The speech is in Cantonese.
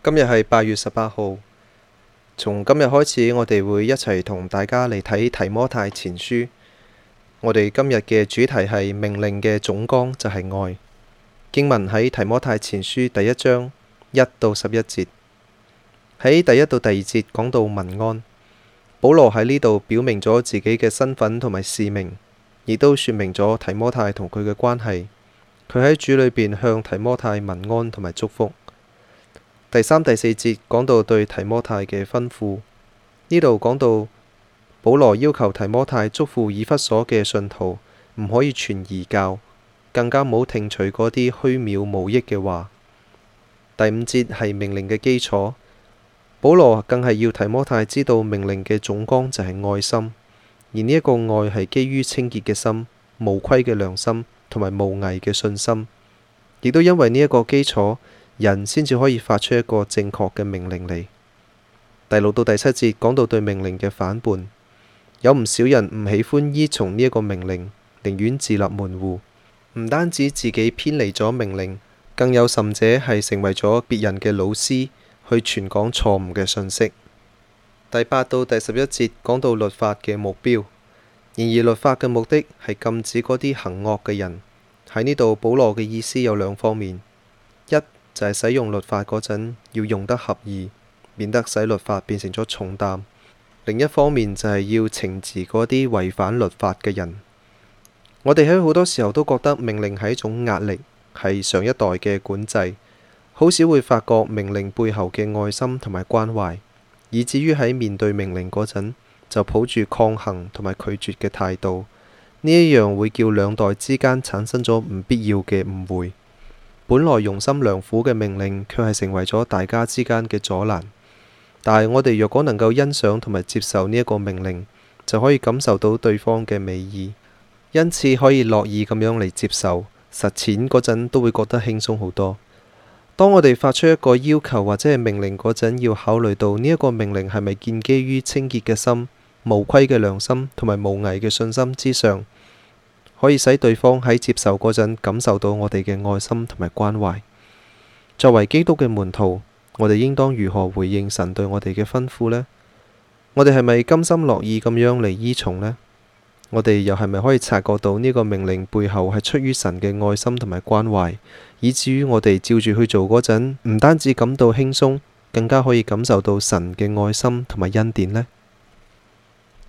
今日係八月十八號，從今日開始，我哋會一齊同大家嚟睇提摩太前書。我哋今日嘅主題係命令嘅總綱，就係愛。經文喺提摩太前書第一章一到十一節，喺第一到第二節講到問安。保羅喺呢度表明咗自己嘅身份同埋使命，亦都說明咗提摩太同佢嘅關係。佢喺主裏邊向提摩太問安同埋祝福。第三、第四節講到對提摩太嘅吩咐，呢度講到保羅要求提摩太囑咐以弗所嘅信徒，唔可以傳異教，更加冇聽取嗰啲虛渺無益嘅話。第五節係命令嘅基礎，保羅更係要提摩太知道命令嘅總綱就係愛心，而呢一個愛係基於清潔嘅心、無愧嘅良心同埋無偽嘅信心，亦都因為呢一個基礎。人先至可以發出一個正確嘅命令嚟。第六到第七節講到對命令嘅反叛，有唔少人唔喜歡依從呢一個命令，寧願自立門戶。唔單止自己偏離咗命令，更有甚者係成為咗別人嘅老師，去傳講錯誤嘅信息。第八到第十一節講到律法嘅目標。然而律法嘅目的係禁止嗰啲行惡嘅人。喺呢度，保羅嘅意思有兩方面，一。就係使用律法嗰陣要用得合意，免得使律法變成咗重擔。另一方面就係要懲治嗰啲違反律法嘅人。我哋喺好多時候都覺得命令係一種壓力，係上一代嘅管制，好少會發覺命令背後嘅愛心同埋關懷，以至於喺面對命令嗰陣就抱住抗衡同埋拒絕嘅態度，呢一樣會叫兩代之間產生咗唔必要嘅誤會。本來用心良苦嘅命令，卻係成為咗大家之間嘅阻攔。但係我哋若果能夠欣賞同埋接受呢一個命令，就可以感受到對方嘅美意，因此可以樂意咁樣嚟接受。實踐嗰陣都會覺得輕鬆好多。當我哋發出一個要求或者係命令嗰陣，要考慮到呢一個命令係咪建基於清潔嘅心、無愧嘅良心同埋無偽嘅信心之上。可以使對方喺接受嗰陣感受到我哋嘅愛心同埋關懷。作為基督嘅門徒，我哋應當如何回應神對我哋嘅吩咐呢？我哋係咪甘心樂意咁樣嚟依從呢？我哋又係咪可以察覺到呢個命令背後係出於神嘅愛心同埋關懷，以至於我哋照住去做嗰陣，唔單止感到輕鬆，更加可以感受到神嘅愛心同埋恩典呢？